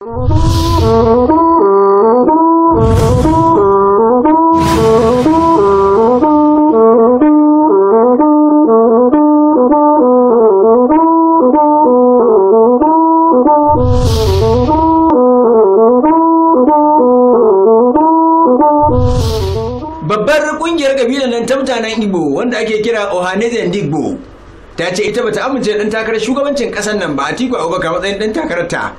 Babbar kungiyar kabilan nan ta mutanen Igbo wanda ake kira Ohanezen Digbo ta ce ita bata amince dan takarar shugabancin kasar nan ba Atiku Abubakar matsayin dan takararta.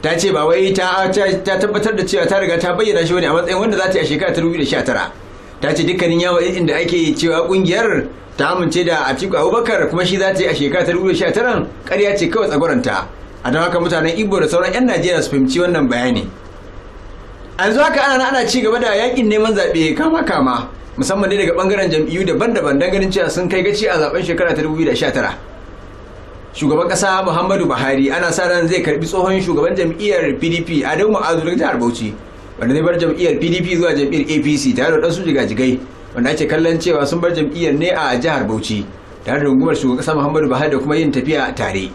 ta ce ba wai ta tabbatar da cewa ta riga ta bayyana shi wani a matsayin wanda za ta yi a shekara 2019 ta ce dukkanin yawon inda ake cewa kungiyar ta amince da Atiku Abubakar kuma shi za ta yi a shekara a 2019 ƙarya ce kawai tsagoranta a don haka mutanen Igbo da sauran 'yan Najeriya su fahimci wannan bayani yanzu haka ana ana ci gaba da yakin neman zaɓe kama kama musamman ne daga bangaren jam'iyyu daban-daban don ganin cewa sun kai gaci a zaben shekara ta 2019 shugaban kasa muhammadu buhari ana sa ran zai karbi tsohon shugaban jam'iyyar pdp adamu ma'azu da jihar bauchi wanda zai bar jam'iyyar pdp zuwa jam'iyyar apc tare da ɗansu jigajigai wanda ake kallon cewa sun bar jam'iyyar ne a jihar bauchi tare da rungumar shugaban kasa muhammadu buhari da kuma yin tafiya tare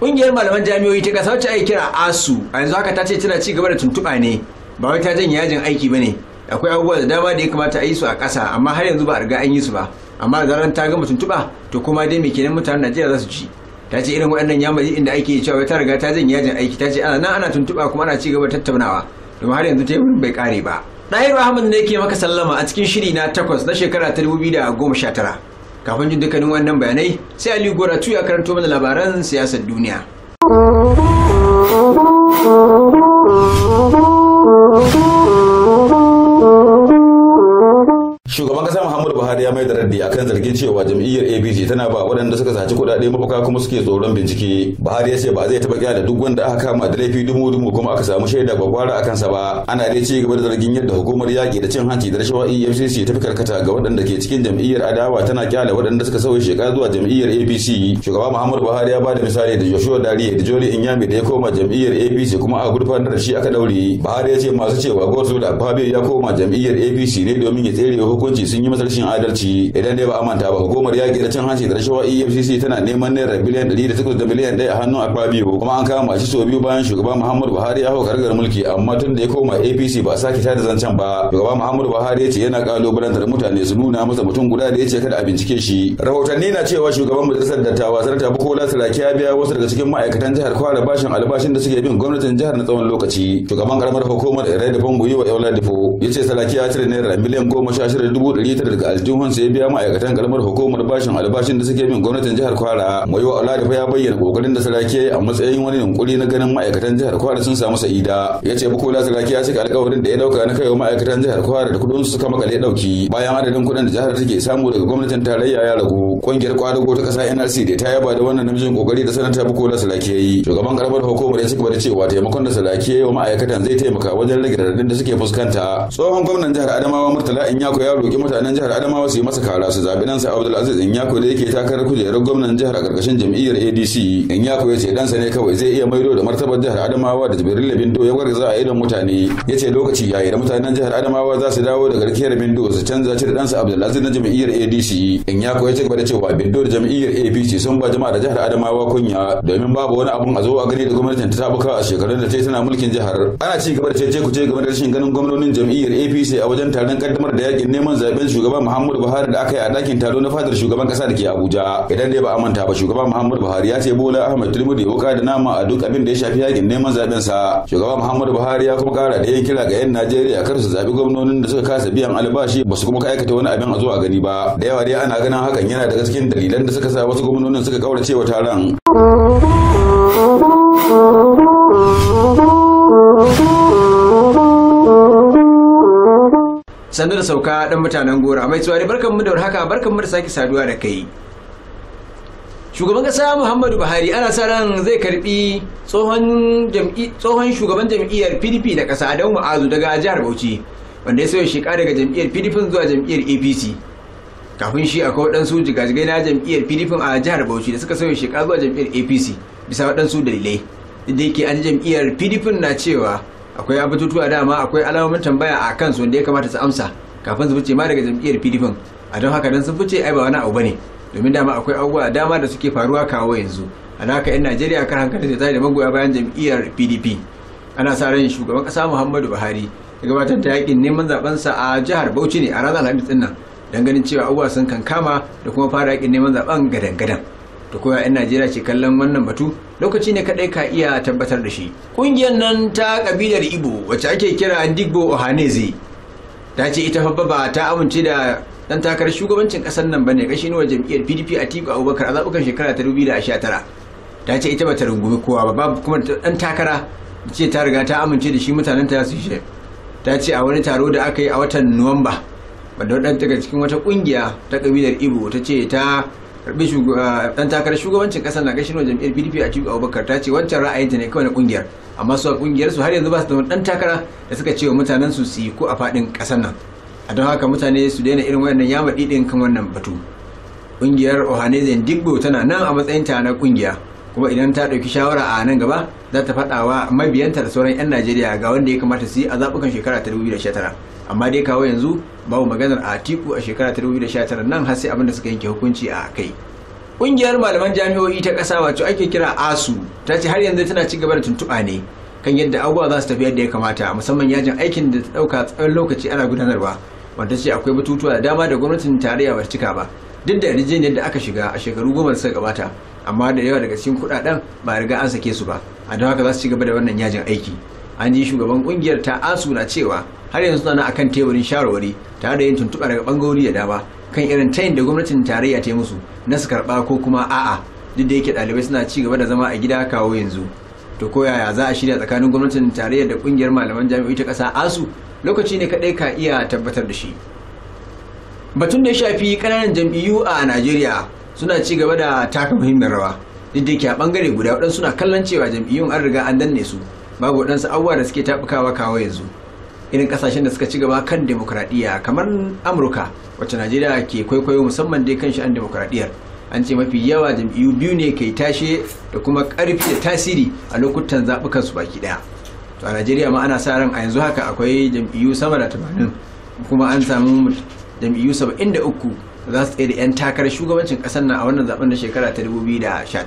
ƙungiyar malaman jami'o'i ta kasa wacce ake kira asu a yanzu haka ta ce tana ci gaba da tuntuɓa ne ba wai ta janye yajin aiki ba ne akwai abubuwa da dama da ya kamata a yi su a ƙasa amma har yanzu ba a riga an yi su ba amma da zaran ta gama tuntuɓa to kuma dai mai kenan mutanen najeriya za su ci ta ce irin waɗannan yamari inda ake cewa ta riga ta janye yajin aiki ta ce ana nan ana tuntuɓa kuma ana ci gaba tattaunawa domin har yanzu teburin bai ƙare ba ɗahiru ahmad ne ke maka sallama a cikin shiri na takwas na shekara ta dubu biyu da goma sha tara kafin jin dukkanin wannan bayanai sai aliyu gora ya karanto mana labaran siyasar duniya Muhammadu Buhari ya mai da raddi akan zargin cewa jam'iyyar APC tana ba waɗanda suka saci kuɗaɗe mafaka kuma suke tsoron bincike. Buhari ya ce ba zai taɓa da duk wanda aka kama da laifi dumu dumu kuma aka samu shaida kwakwara akan sa ba. Ana dai ci gaba da zargin yadda hukumar yaƙi da cin hanci da rashawa EFCC ta fi karkata ga waɗanda ke cikin jam'iyyar adawa tana kyale waɗanda suka sauya shekara zuwa jam'iyyar APC. Shugaba Muhammadu Buhari ya ba da misali da Joshua Dariye da Jori Inyami da ya koma jam'iyyar APC kuma a gurfanar da shi aka daure. Buhari ya ce masu cewa Godzilla Fabio ya koma jam'iyyar APC ne domin ya tsere hukunci sun yi masarci rashin adalci idan dai ba a manta ba hukumar yaƙi da cin hanci da rashawa EFCC tana neman naira biliyan 108 da biliyan 1 a hannun Akwa Biyu kuma an kama shi sau biyu bayan shugaba Muhammadu Buhari ya hau karagar mulki amma tun da ya koma APC ba a sake tada zancen ba shugaban Muhammadu Buhari ya ce yana kalubalantar mutane su nuna masa mutum guda da ya ce kada a bincike shi rahotanni na cewa shugaban majalisar dattawa Sarta Bukola Saraki ya biya wasu daga cikin ma'aikatan jihar Kwara bashin albashin da suke bin gwamnatin jihar na tsawon lokaci shugaban karamar hukumar Ire da Bangoyi wa Eula Difo ya ce Saraki ya cire naira miliyan goma sha shida dubu ɗari tara daga aljihunsa ya biya ma'aikatan kalmar hukumar bashin albashin da suke bin gwamnatin jihar Kwara. Mai wa Oladipo ya bayyana kokarin da yi a matsayin wani yunkuri na ganin ma'aikatan jihar Kwara sun samu sa'ida. Ya ce Bukola Sarake ya cika alƙawarin da ya dauka na kaiwa ma'aikatan jihar Kwara da kudin su suka makale dauki bayan adadin kudin da jihar take samu daga gwamnatin tarayya ya ragu. Kungiyar Kwadago ta kasa NRC da ta yaba da wannan namijin kokari da sanata Bukola ya yi. Shugaban karamar hukumar ya cika da cewa taimakon da yi wa ma'aikatan zai taimaka wajen rage radadin da suke fuskanta. Tsohon gwamnan jihar Adamawa Murtala Inyako ya roki mutanen jihar adamawa su yi masa kara su zaɓi ɗansa abdulaziz yako da yake takarar kujerar gwamnan jihar a ƙarƙashin jam'iyyar adc yako ya ce ɗansa ne kawai zai iya maido da martabar jihar adamawa da jibril bindo ya gwarza a idon mutane ya ce lokaci yayi da mutanen jihar adamawa za su dawo daga rikiyar bindo su canza ci da ɗansa abdulaziz na jam'iyyar adc yako ya ci gaba da cewa bindo da jam'iyyar apc sun ba jama'a da jihar adamawa kunya domin babu wani abun a zo a gani da gwamnatin ta tabuka a shekarun da ta tana mulkin jihar ana ci gaba da ce kuce game da rashin ganin gwamnonin jam'iyyar apc a wajen taron kaddamar da yakin neman zaben shugaban tsayuwar Muhammadu Buhari da aka yi a dakin taro na fadar shugaban kasa da ke Abuja idan dai ba a manta ba shugaban Muhammadu Buhari ya ce Bola Ahmed Tinubu da wuka da nama a duk abin da ya shafi yakin neman zaben sa shugaban Muhammadu Buhari ya kuma kara da yin kira ga yan Najeriya kar su zabi gwamnonin da suka kasa biyan albashi ba su kuma aikata wani abin a zuwa gani ba da yawa dai ana ganin hakan yana daga cikin dalilan da suka sa wasu gwamnonin suka kaurace wa taron sannu da sauka dan mutanen gora mai tsari barkan mu da warhaka barkan mu da sake saduwa da kai shugaban kasa muhammadu buhari ana sa ran zai karbi tsohon shugaban jam'iyyar pdp da kasa adamu ma'azu daga jihar bauchi wanda ya sauya shika daga jam'iyyar pdp zuwa jam'iyyar apc kafin shi akwai waɗansu jigajigai na jam'iyyar pdp a jihar bauchi da suka sauya shika zuwa jam'iyyar apc bisa waɗansu dalilai da yake an jam'iyyar pdp na cewa akwai abatutu a dama akwai alamomin tambaya a kan su wanda ya kamata su amsa kafin su fice ma daga jam'iyyar pdp a don haka don sun fice ai ba wani abu bane domin dama akwai abubuwa dama da suke faruwa kawo yanzu a haka yan najeriya kan hankali da da magoya bayan jam'iyyar pdp ana sa ran shugaban kasa muhammadu buhari ya gabatar da yakin neman zaben sa a jihar bauchi ne a ranar alhamis din nan don ganin cewa abubuwa sun kankama da kuma fara yakin neman zaben gadan-gadan da ko 'yan najeriya ke kallon wannan batu lokaci ne kadai ka iya tabbatar da shi kungiyar nan ta kabilar ibo wacce ake kira digbo ohaneze ta ce ita fa ba ta amince da dan takar shugabancin kasar nan bane kashi ne wa jam'iyyar pdp a tiku abubakar a zaɓukan shekara ta 2019 ta ce ita ba ta rungumi kowa ba babu kuma dan takara ce ta riga ta amince da shi mutanen ta su shi ta ce a wani taro da aka yi a watan nuwamba wadda wadda daga cikin wata kungiya ta kabilar ibo ta ce ta karbi dan ah, takarar shugabancin kasar na gashin jam'iyyar pdp a cikin abubakar ta ce wancan ra'ayinta ne kawai na kungiyar amma su a kungiyar su har yanzu ba su da dan takara da suka ce wa mutanen su su yi ko a fadin kasar nan a don haka mutane su daina irin ya yama didin kan wannan batu kungiyar ohanezen digbo tana nan a matsayin ta na kungiya kuma idan ta ɗauki shawara a nan gaba za ta faɗa wa mabiyanta da sauran 'yan najeriya ga wanda ya kamata su yi a zabukan shekara ta 2019 amma dai kawo yanzu babu maganar atiku a shekara ta tara nan har sai abin da suka yanke hukunci a kai ƙungiyar malaman jami'o'i ta ƙasa wato ake kira asu ta ce har yanzu tana ci gaba da tuntuɓa ne kan yadda abubuwa za su tafi yadda ya kamata musamman yajin aikin da ta ɗauka tsawon lokaci ana gudanarwa wanda ce akwai batutuwa da dama da gwamnatin tarayya ba cika ba duk da yarjejeniyar da aka shiga a shekaru goma da suka gabata amma da yawa daga cikin kudaden ba riga an sake su ba a don haka za su ci gaba da wannan yajin aiki an ji shugaban kungiyar ta asu na cewa har yanzu suna akan teburin shawarwari tare da yin tuntuɓa daga bangarori da dama kan irin tayin da gwamnatin tarayya ta yi musu na su karɓa ko kuma a'a duk da yake ɗalibai suna ci gaba da zama a gida kawo yanzu to ko yaya za a shirya tsakanin gwamnatin tarayya da ƙungiyar malaman jami'o'i ta ƙasa asu lokaci ne kaɗai ka iya tabbatar da shi batun da ya shafi ƙananan jam'iyyu a najeriya suna ci gaba da taka muhimmin rawa duk da yake a ɓangare guda waɗansu suna kallon cewa jam'iyyun an riga an danne su babu waɗansu abubuwa da suke taɓukawa kawo yanzu irin kasashen da suka ci gaba kan demokradiyya kamar amurka wacce najeriya ke kwaikwayo musamman dai kan sha'an demokradiyyar an ce mafi yawa jam'iyyu biyu ne kai tashe da kuma karfi da tasiri a lokutan zaɓukan su baki ɗaya to a najeriya ma ana sa ran a yanzu haka akwai jam'iyyu sama da tamanin kuma an samu jam'iyyu saba'in da uku za su tsaye da 'yan takarar shugabancin ƙasar nan a wannan zaɓen na shekara ta 2019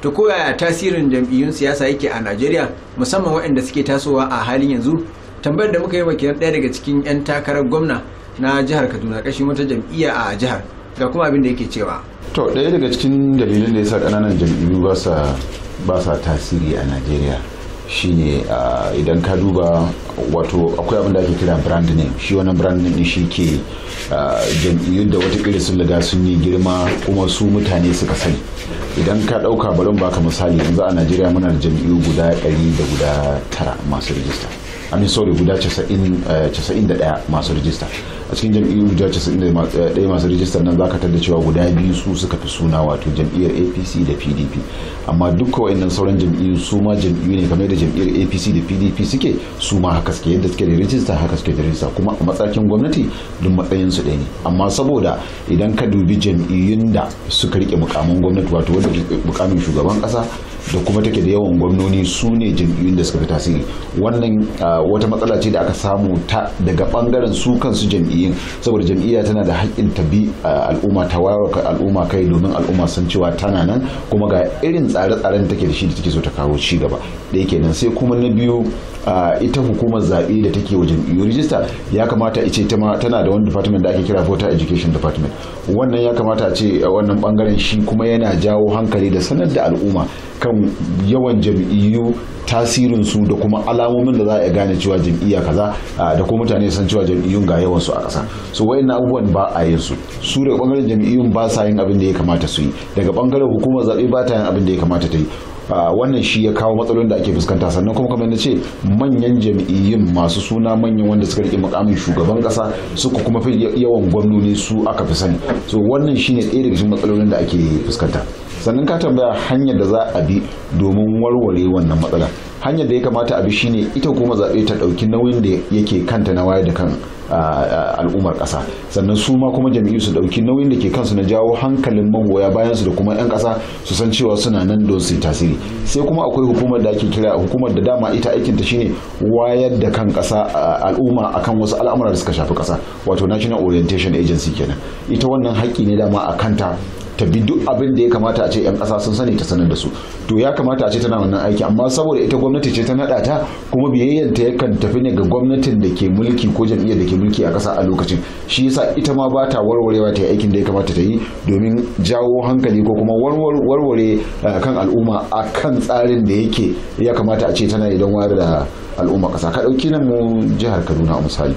to koyaya tasirin jam'iyyun siyasa yake a najeriya musamman waɗanda suke tasowa a halin yanzu tambayar da muka yi wakilan ɗaya daga cikin 'yan takarar gwamna na jihar kaduna kashin wata jam'iyya a jihar ga kuma abin da yake cewa to ɗaya daga cikin dalilin da ya sa ƙananan jam'iyyu ba sa tasiri a najeriya shine idan ka duba wato akwai abin da ake kira brand name shi wannan brand name shi ke jam'iyyu da watakila sun daga sun yi girma kuma su mutane suka sani idan ka ɗauka barin baka misali yanzu a najeriya muna da jam'iyyu guda ɗari da guda tara masu rijista amin sorry guda 91 eh, masu rijista a cikin jam'iyyu guda 91 eh, masu rijistar nan zaka tada cewa guda biyu su suka fi suna wato jam'iyyar apc da pdp amma dukkan wayannan sauran jam'iyyu su ma jam'iyyu ne kamar da jam'iyyar apc da pdp suke su ma haka suke yadda suke da rijista haka suke da rijista kuma a matsakin gwamnati duk matsayin su ɗaya ne amma saboda idan ka dubi jam'iyyun da suka rike mukamin gwamnati wato wanda mukamin shugaban kasa da kuma take da yawan gwamnoni su ne jam'iyyun da suka fi tasiri wannan ah, wata matsala ce da aka samu ta daga bangaren su kansu jam'iyyu jam'iyyin saboda jam'iyya tana da haƙƙin ta bi al'umma ta wayar al'umma kai domin al'umma san cewa tana nan kuma ga irin tsare-tsaren take da shi da take so ta kawo ci gaba da kenan sai kuma na biyu ita hukumar zaɓe da take wa jam'iyyu rijista ya kamata ice tana da wani department da ake kira voter education department wannan ya kamata a ce wannan bangaren shi kuma yana jawo hankali da sanar da al'umma kan yawan jam'iyyu tasirin su da kuma alamomin da za a gane cewa jam'iyya kaza da kuma mutane san cewa jam'iyyun ga yawan su a ƙasa so wayannan abubuwan ba a yin su su daga bangaren jam'iyyun ba sa yin abin da ya kamata su yi daga bangaren hukumar zaɓe ba ta yin abin da ya kamata ta yi wannan shi ya kawo matsalolin da ake fuskanta sannan kuma kamar na ce manyan jam'iyyun masu suna manyan wanda suka rike mukamin shugaban kasa suka kuma fi yawan gwamnoni su aka fi sani so wannan shine ɗaya daga cikin matsalolin da ake fuskanta sannan ka tambaya hanyar da za a bi domin warware wannan matsala hanyar da ya kamata a bi shine ita kuma zaɓe ta ɗauki nauyin da yake kanta na wayar da kan al'ummar ƙasa sannan su ma kuma jami'u su ɗauki nauyin da ke kansu na jawo hankalin mangoya bayan su da kuma 'yan ƙasa su san cewa suna nan don su yi tasiri sai kuma akwai hukumar da ake kira hukumar da dama ita aikin ta shine wayar da kan ƙasa al'umma akan wasu al'amura da suka shafi ƙasa wato national orientation agency kenan ita wannan haƙƙi ne dama a kanta ta bi duk abin da ya kamata a ce 'yan kasa sun sani ta sanar da su to ya kamata a ce tana wannan aiki amma saboda ita gwamnati ce ta naɗa ta kuma ta yakan tafi ne ga gwamnatin da ke mulki ko jam'iyyar da ke mulki a kasa a lokacin shi yasa ita ma ba ta warwarewa ta aikin da ya kamata ta yi domin jawo hankali ko kuma warware eh, kan al'umma a kan tsarin da yake ya kamata a ce tana idan wayar da al'umma kasa ka ɗauki nan mu jihar kaduna a misali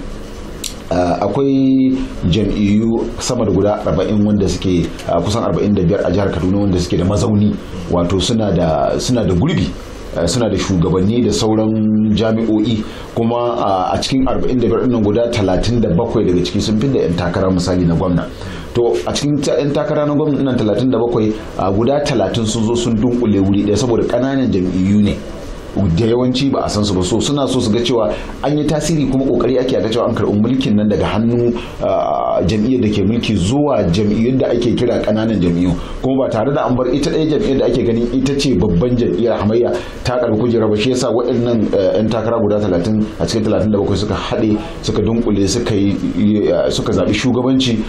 Ah, akwai jam'iyyu sama da guda 40 wanda suke ah, kusan 45 a jihar kaduna wanda suke da mazauni wato suna da gurbi ah, suna da shugabanni da sauran jami'o'i kuma a cikin 45 nan guda 37 daga ciki sun fi da 'yan takara misali na gwamna to a cikin 'yan takara na gwamna nan 37 guda 30 sun zo sun dunkule wuri ɗaya saboda ƙananan jam'iyyu ne da yawanci ba a san su ba so suna so su ga cewa an yi tasiri kuma kokari ake ga cewa an karɓi mulkin nan daga hannu ah, jam'iyyar da ke mulki zuwa jam'iyyun da ake kira kananan jam'iyyu kuma ba tare da an bar ita ɗaya jam'iyyar da ake ganin ita ce babban jam'iyyar hamayya ta karɓi kujera ba shi yasa waɗannan 'yan ah, takara guda 30 a cikin 37 suka haɗe suka dunkule suka yi ah, suka zaɓi shugabanci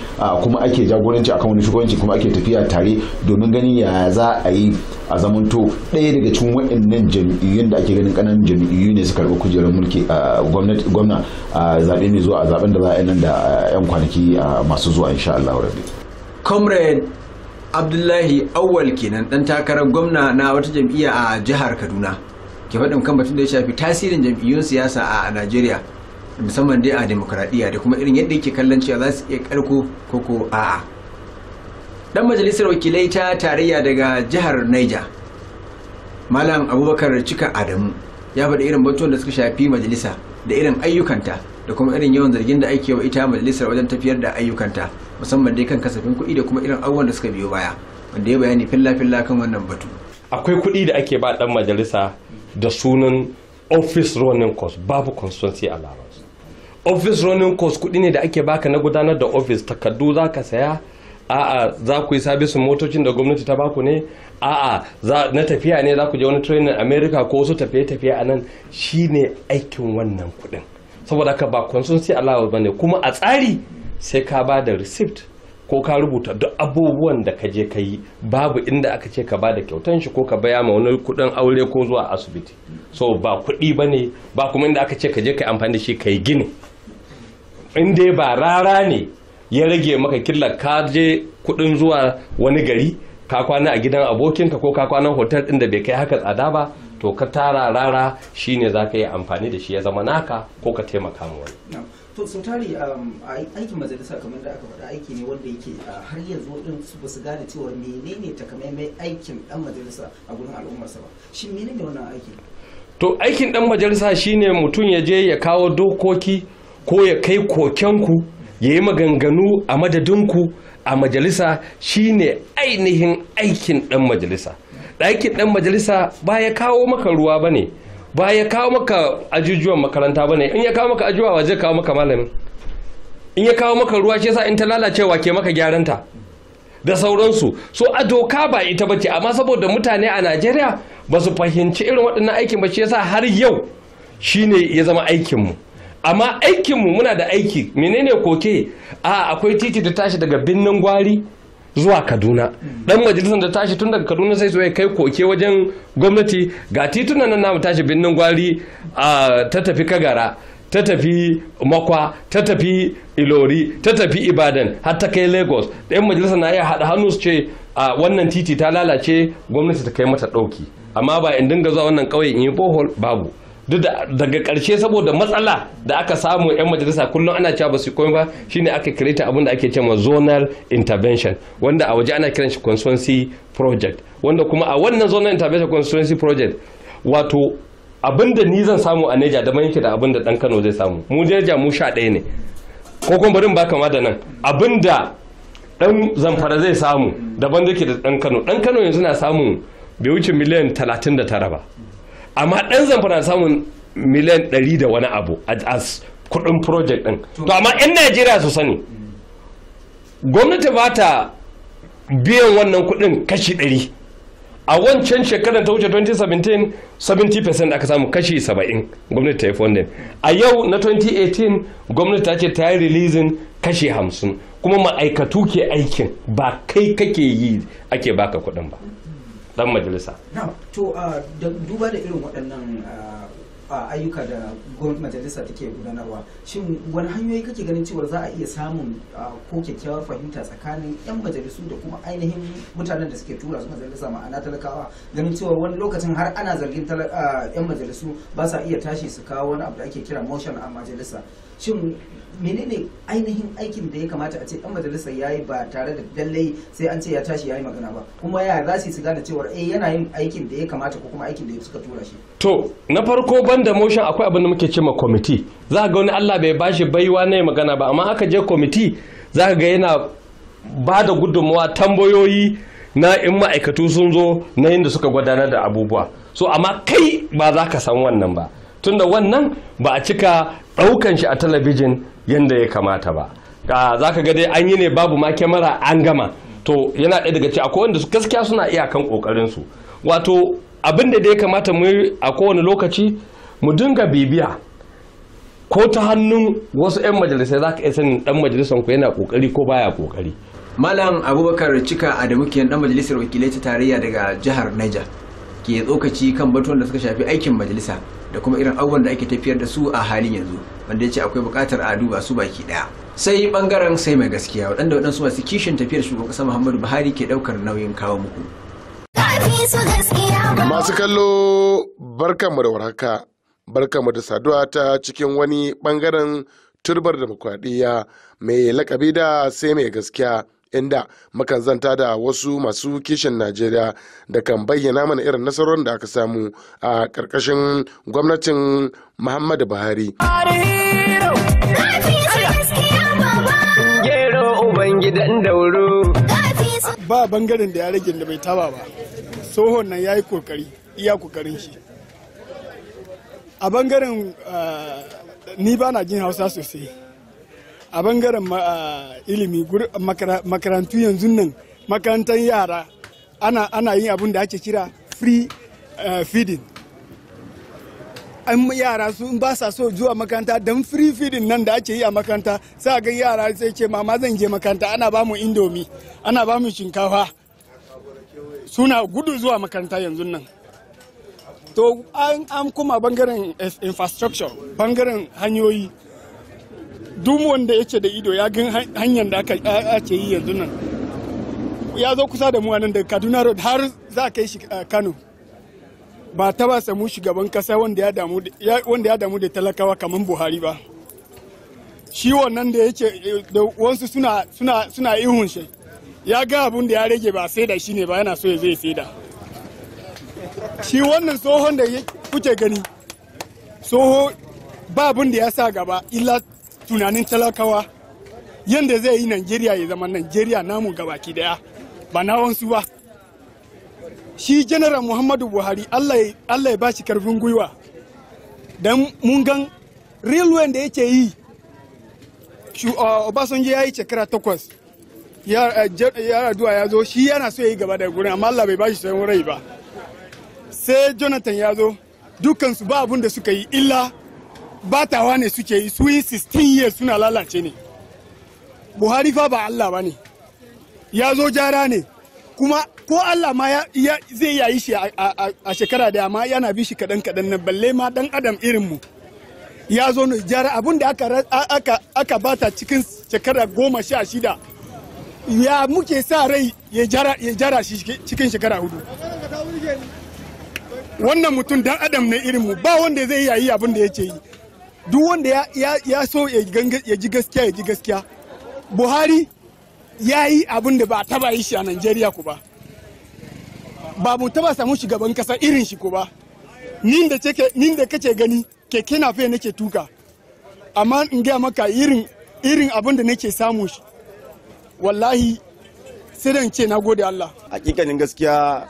kuma ake jagoranci akan wani shugabanci kuma ake tafiya tare domin ganin ya za a yi a zamanto ɗaya daga cikin waɗannan jam'iyyun da ake ganin ƙananan jam'iyyu ne suka karɓi kujerar mulki a gwamnati gwamna a zaɓe mai zuwa a zaɓen da za a yi nan da 'yan kwanaki masu zuwa insha Allah rabbi. Comrade Abdullahi Awal kenan dan takarar gwamna na wata jam'iyya a jihar Kaduna. Ke faɗin kan batun da ya shafi tasirin jam'iyyun siyasa a Najeriya musamman dai a demokradiyya da kuma irin yadda yake kallon cewa za su iya karko koko a'a. dan majalisar wakilai ta tarayya daga jihar Niger Malam Abubakar Cika Adamu ya faɗi irin batuwan da suka shafi majalisa da irin ayyukanta da kuma irin yawan zargin da ake wa ita majalisar wajen tafiyar da ayyukanta musamman dai kan kasafin kuɗi da kuma irin abubuwan da suka biyo baya wanda ya bayani filla-filla kan wannan batu akwai kuɗi da ake ba ɗan majalisa da sunan office running cost babu constancy allowance office running cost kuɗi ne da ake baka na gudanar da office takardu za ka saya a'a za ku yi sabisin motocin da gwamnati ta baku ne a'a na tafiya ne za ku je wani training america ko wasu tafiye-tafiye a nan ne aikin wannan kuɗin saboda haka ba consultancy ba bane kuma a tsari sai ka ba da receipt ko ka rubuta duk abubuwan da ka je ka yi babu inda aka ce ka bada kyautan shi ko ka baya ma wani kudin aure ko zuwa asibiti so ba kuɗi ba ba kuma inda aka ce ka je ka amfani da shi ka yi gini in dai ba rara ne ya rage maka killa ka je kudin zuwa wani gari ka kwana a gidan abokinka ko ka kwana hotel din da bai kai haka tsada ba to ka tara rara shine za ka yi amfani da shi ya zama naka ko ka taimaka ma wani. to sun tari um, aikin majalisa kamar da aka faɗa aiki ne wanda yake uh, har yanzu din ba su gane cewa menene takamaimai aikin dan majalisa a gurin al'ummarsa ba shi menene wannan aikin to aikin dan majalisa shine mutum ya je ya kawo dokoki ko ya kai kokenku ya yi maganganu a madadinku a majalisa shine ainihin aikin ɗan majalisa ɗakin ɗan majalisa ba ya kawo maka ruwa ba ne ba ya kawo maka ajujuwan makaranta ba ne in ya kawo maka ajuwa wa zai kawo maka malamin in ya kawo maka ruwa shi yasa in ta lalacewa ke maka gyaranta da sauransu so a doka ba ita bace amma saboda mutane a najeriya ba su fahimci irin waɗannan aikin ba shi yasa har yau shine ya zama aikinmu mu amma aikinmu muna da aiki menene koke a akwai titi da tashi daga binnan gwari zuwa kaduna dan majalisar da tashi tun daga kaduna sai zuwa kai koke wajen gwamnati ga titunan nan namu tashi binnan gwari ta tafi kagara ta tafi makwa ta tafi ilori ta tafi ibadan har ta kai lagos ɗayan majalisa na iya haɗa hannu su ce a wannan titi ta lalace gwamnati ta kai mata ɗauki amma ba in dinga zuwa wannan ƙauye in yi bohol babu duk daga karshe saboda matsala da aka samu 'yan majalisa kullum ana cewa ba su komai ba shine aka kireta abin da ake cewa zonal intervention wanda a waje ana kiran shi constituency project wanda kuma a wannan zonal intervention constituency project wato abin da ni zan samu a Neja daban yake da abin da dan Kano zai samu mu Neja mu sha ɗaya ne ko kuma bari baka ma da nan abin da dan Zamfara zai samu daban yake da dan Kano dan Kano yanzu na samun bai wuce miliyan 39 ba amma ɗan zamfara na samun miliyan ɗari da wani abu a kudin project ɗin. to amma yan najeriya su sani gwamnati ba ta biyan wannan kuɗin kashi ɗari a wancan shekarar ta wuce 2017 70% aka samu kashi 70 gwamnati ta yi funding a yau na 2018 gwamnati ta ce ta yi releasing kashi 50 kuma ma'aikatu ke aikin ba kai kake yi ake baka kuɗin ba dan majalisa Na to ah, duba da irin waɗannan ah, ah, ayyuka da majalisa take gudanarwa shin wani hanyoyi kake ganin cewa za a iya samun ko kyakkyawar fahimta tsakanin 'yan majalisu da kuma ainihin mutanen da suke tura su majalisa ma'ana talakawa ganin cewar wani lokacin har ana zargin 'yan majalisu ba sa iya tashi su kawo wani abu da ake kira motion a majalisa shin menene ainihin aikin da ya kamata a ce dan majalisar yi ba tare da dalle sai an ce ya tashi ya yi magana ba kuma ya za su gane cewa eh yana yin aikin da ya kamata ko kuma aikin da suka tura shi to na farko banda motion akwai abin da muke cewa committee za ga wani Allah bai ba bashi baiwa na magana ba amma aka je committee za ga yana ba da gudunmawa tambayoyi na in ma'aikatu sun zo na yin da suka gudanar da abubuwa so amma kai ba za ka san wannan ba tunda wannan ba a cika ɗaukan shi a talabijin yadda ya kamata ba za ka ga dai an yi ne babu ma kyamara an gama to yana ɗaya daga cikin akwai wanda gaskiya suna iyakan kokarin su wato abin da ya kamata mu a kowane lokaci mu dinga bibiya ko ta hannun wasu 'yan majalisai za ka iya sanin dan majalisar ku yana kokari ko baya kokari malam abubakar cika da kenan dan majalisar wakilai ta tarayya daga jihar niger ke tsokaci kan batun da suka shafi aikin majalisa da kuma irin abubuwan da ake tafiyar da su a halin yanzu wanda ya ce akwai bukatar a duba su baki daya. sai bangaren sai mai gaskiya waɗanda waɗansu masu kishin tafiyar shugaban ƙasa muhammadu buhari ke ɗaukar nauyin kawo muku masu kallo barkanmu da warhaka barkanmu da saduwa ta cikin wani bangaren turbar demokuraɗiyya mai lakabi da sai mai gaskiya inda mukan zanta da wasu masu kishin najeriya da kan bayyana mana irin nasarorin da aka samu a ƙarƙashin gwamnatin muhammadu buhari ba bangaren da ya rage da bai taba ba tsohon nan ya yi kokari iya kokarin shi a bangaren eh, ni ba na jin hausa sosai a bangaren ilimi makarantu yanzu nan makarantar yara ana yin abin da ake kira free eh, feeding an yara su ba sa so zuwa makaranta don free feeding nan da ake yi a makaranta sai ga yara sai ce mama zan je makaranta ana ba mu indomi ana ba mu shinkafa suna gudu zuwa makaranta yanzu nan to an kuma bangaren eh, infrastructure bangaren hanyoyi duk wanda yake da ido ya gan hanyar da ake yi yanzu nan ya zo kusa da mu nan daga kaduna road har za kai shi kano ba ta ba samu shugaban kasa wanda ya damu da talakawa kamar buhari ba shi wannan da yake da wasu suna suna ihun shi ya ga abun da ya rage ba sai da shi ne ba yana so ya zai sai da shi wannan tsohon da kuke gani tsoho ba abun da ya sa gaba illa tunanin talakawa yadda zai yi Najeriya ya zama Najeriya namu gabaki daya ba na wansu ba. Shi General Muhammadu Buhari Allah ya ba shi karfin gwiwa don mun gan railway da yake yi Obasanjo ya yi shekara takwas yara eh, duwa ya zo shi yana so ya yi gaba da gurin amma Allah bai ba shi sayan rai ba. Sai Jonathan ya zo dukansu ba abun da suka yi illa batawa ne suke yi su yi 16 years suna lalace ne buhari fa ba allah ba ne ya zo jara ne kuma ko allah ma zai yayi shi a shekara da ma yana bi shi kaɗan kadan na balle ma dan adam irin mu ya zo ne jara abin da aka bata cikin shekara goma sha shida ya muke sa rai ya jara shi cikin shekara hudu wannan mutum dan adam ne irin ba wanda zai yayi abin da yake yi duk wanda ya so ya ji gaskiya ya ji gaskiya buhari ya yi abin da ba a taba yi shi a nigeria ku ba ba mu taba samu shugaban kasa irin shi ku ba nin da kake gani keke na fiye nake tuka amma in gaya maka irin irin abin da nake samu shi wallahi sai ce na gode allah hakikanin gaskiya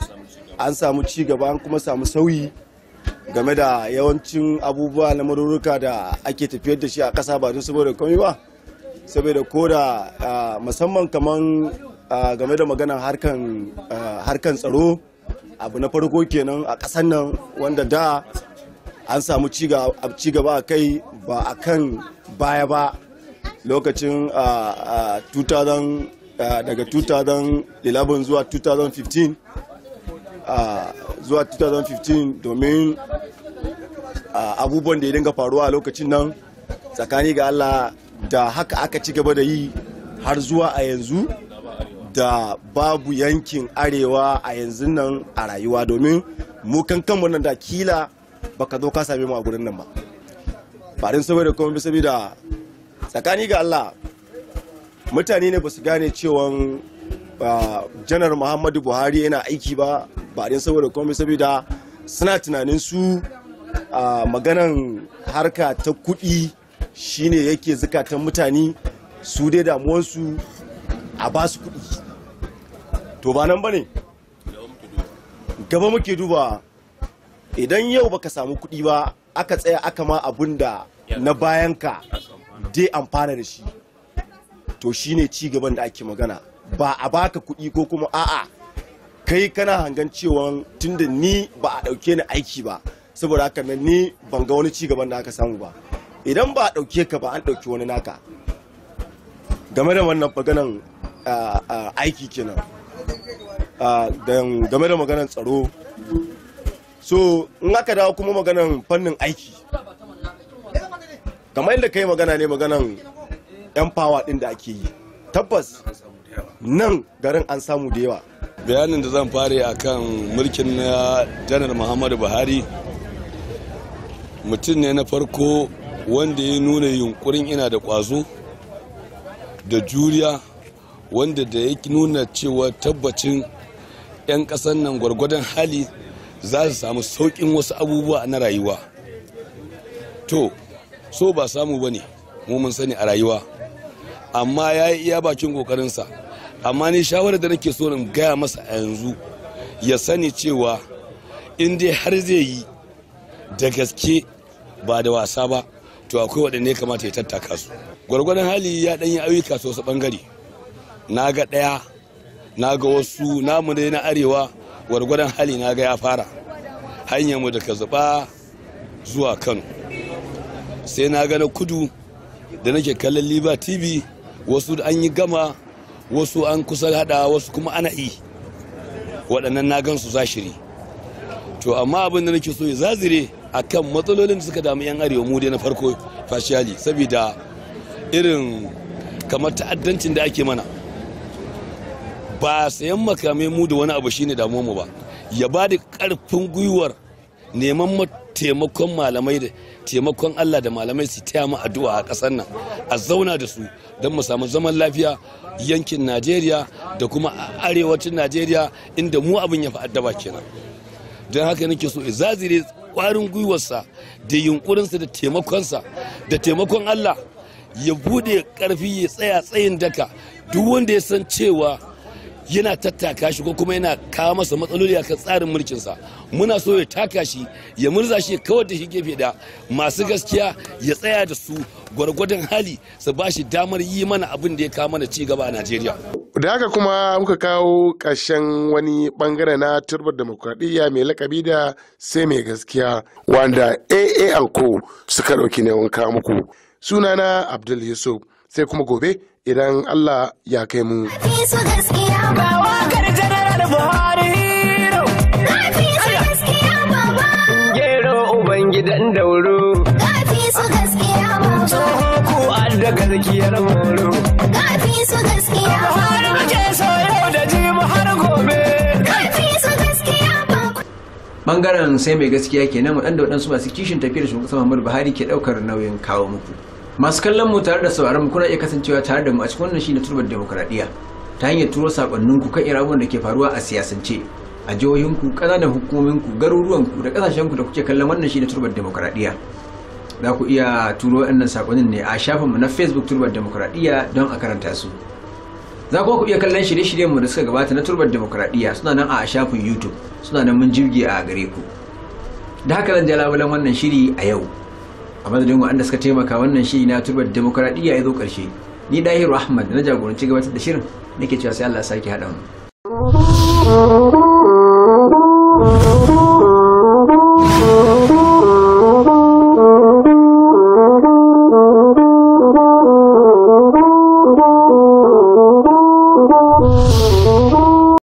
an samu ci gaba an kuma samu sauyi game da yawancin abubuwa na marurruka da ake tafiyar da shi a ƙasa ba don saboda komai ba saboda ko da musamman kamar game da maganar harkan tsaro abu na farko kenan a ƙasar nan wanda da an samu ci gaba a kai ba a kan baya ba lokacin daga 2011 zuwa 2015 zuwa 2015 domin abubuwan da ya dinga faruwa a lokacin nan tsakani ga Allah da haka aka ci gaba da yi har zuwa a yanzu da babu yankin arewa a yanzu nan a rayuwa domin mu kan nan da kila baka zo ka same mu a gurin nan ba farin saboda kuma bi da tsakani ga Allah mutane ne ba su gane cewa janar muhammadu buhari yana aiki ba ba din saboda komai saboda suna tunanin su a maganan harka ta kuɗi shine yake zukatan mutane su dai damuwansu a ba su kuɗi to ba nan ba ne gaba muke duba idan yau baka samu kuɗi ba aka tsaya aka ma abun da na bayanka dai amfana da shi to shine ci gaban da ake magana ba a baka kuɗi ko kuma a'a kai kana hangan cewa tunda ni ba a ɗauke ni aiki ba saboda haka nan ni ban ga wani ci gaban da aka samu ba idan ba a ɗauke ka ba an ɗauki wani naka game da wannan maganan aiki kenan game da maganan tsaro so in aka dawo kuma maganan fannin aiki kamar yadda kai magana ne maganan yan fawa ɗin da ake yi tabbas nan garin an samu da yawa bayanin da zan fara a kan mulkin na janar muhammadu buhari mutum ne na farko wanda ya nuna yunkurin ina da kwazo da juriya wanda da ya nuna cewa tabbacin 'yan kasan nan gwargwadon hali za su samu sauƙin wasu abubuwa na rayuwa to so ba samu ba ne mun sani a rayuwa amma ya yi iya bakin ƙoƙarinsa amma ni shawarar da nake so in gaya masa a yanzu ya sani cewa in dai har zai yi da gaske ba da wasa ba to akwai waɗanne ya kamata ya tattaka su gwargwadon hali ya ɗan yi ayyuka su wasu ɓangare na ga ɗaya na ga wasu namu dai na arewa gwargwadon hali na ga ya fara hanyar mu daga zuba zuwa kano sai na ga na kudu da nake kallon liba tv wasu an yi gama wasu an kusa hada wasu kuma ana yi waɗannan na gansu zashiri to amma abin da nake so ya zazire a kan matsalolin da suka damu yan arewa mu dai na farko fashiyali saboda irin kamar ta'addancin da ake mana ba sayan makamai mu da wani abu shine damuwar mu ba ya ba da karfin gwiwar neman taimakon malamai da taimakon Allah da malamai su taya mu addu'a a ƙasar nan a zauna da su don mu samu zaman lafiya yankin Najeriya da kuma arewacin Najeriya inda mu abin ya fi addaba kenan don haka nake so izazire kwarin gwiwarsa da yunkurinsa da taimakonsa da taimakon Allah ya bude karfi ya tsaya tsayin daka duk wanda ya san cewa yana tattaka shi ko kuma yana kawo masa matsaloli akan tsarin mulkin sa muna so ya taka shi ya murza shi kawar da shi gefe da masu gaskiya ya tsaya da su gwargwadon hali su ba shi damar yi mana abin da ya kawo mana ci gaba a najeriya da haka kuma muka kawo ƙarshen wani bangare na turbar demokradiyya mai lakabi da sai mai gaskiya wanda aa alko suka ɗauki neman kawo muku sunana abdul yusuf sai kuma gobe idan Allah ya kai mu. Gidan su gaskiya baba. Tsoho gaskiyar so yau da Bangaren sai mai gaskiya kenan waɗanda waɗansu masu kishin da shugaban Muhammadu Buhari ke ɗaukar nauyin kawo muku. masu kallon mu tare da sauraron mu kuna iya kasancewa tare da mu a cikin wannan shine turbar demokradiya ta hanyar turo sakonnin ku kan irabun da ke faruwa a siyasance a jihohin ku hukumomin ku hukuminku garuruwanku da kasashen ku da kuke kallon wannan shine turbar demokradiya za ku iya turo wannan sakonnin ne a shafin shafinmu na facebook turbar demokradiya don a karanta su za kuma ku iya kallon shirye-shiryen mu da suka gabata na turbar demokradiya suna nan a shafin youtube suna nan mun jirgi a gare ku da haka zan ja labulan wannan shiri a yau a madadin waɗanda suka taimaka wannan shi na turbar demokuraɗiyya ya zo ƙarshe ni dahiru ahmad na jagoranci gabatar da shirin nake cewa sai allah sake haɗa mu